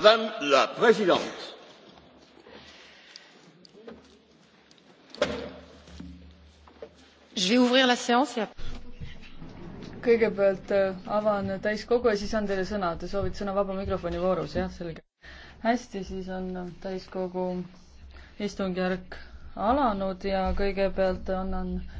madame la présidente kõigepealt äh, avan täiskogu ja siis annan teile sõna. Te soovite sõna vaba mikrofoni voorus, jah, selge. hästi, siis on täiskogu istungjärk alanud ja kõigepealt annan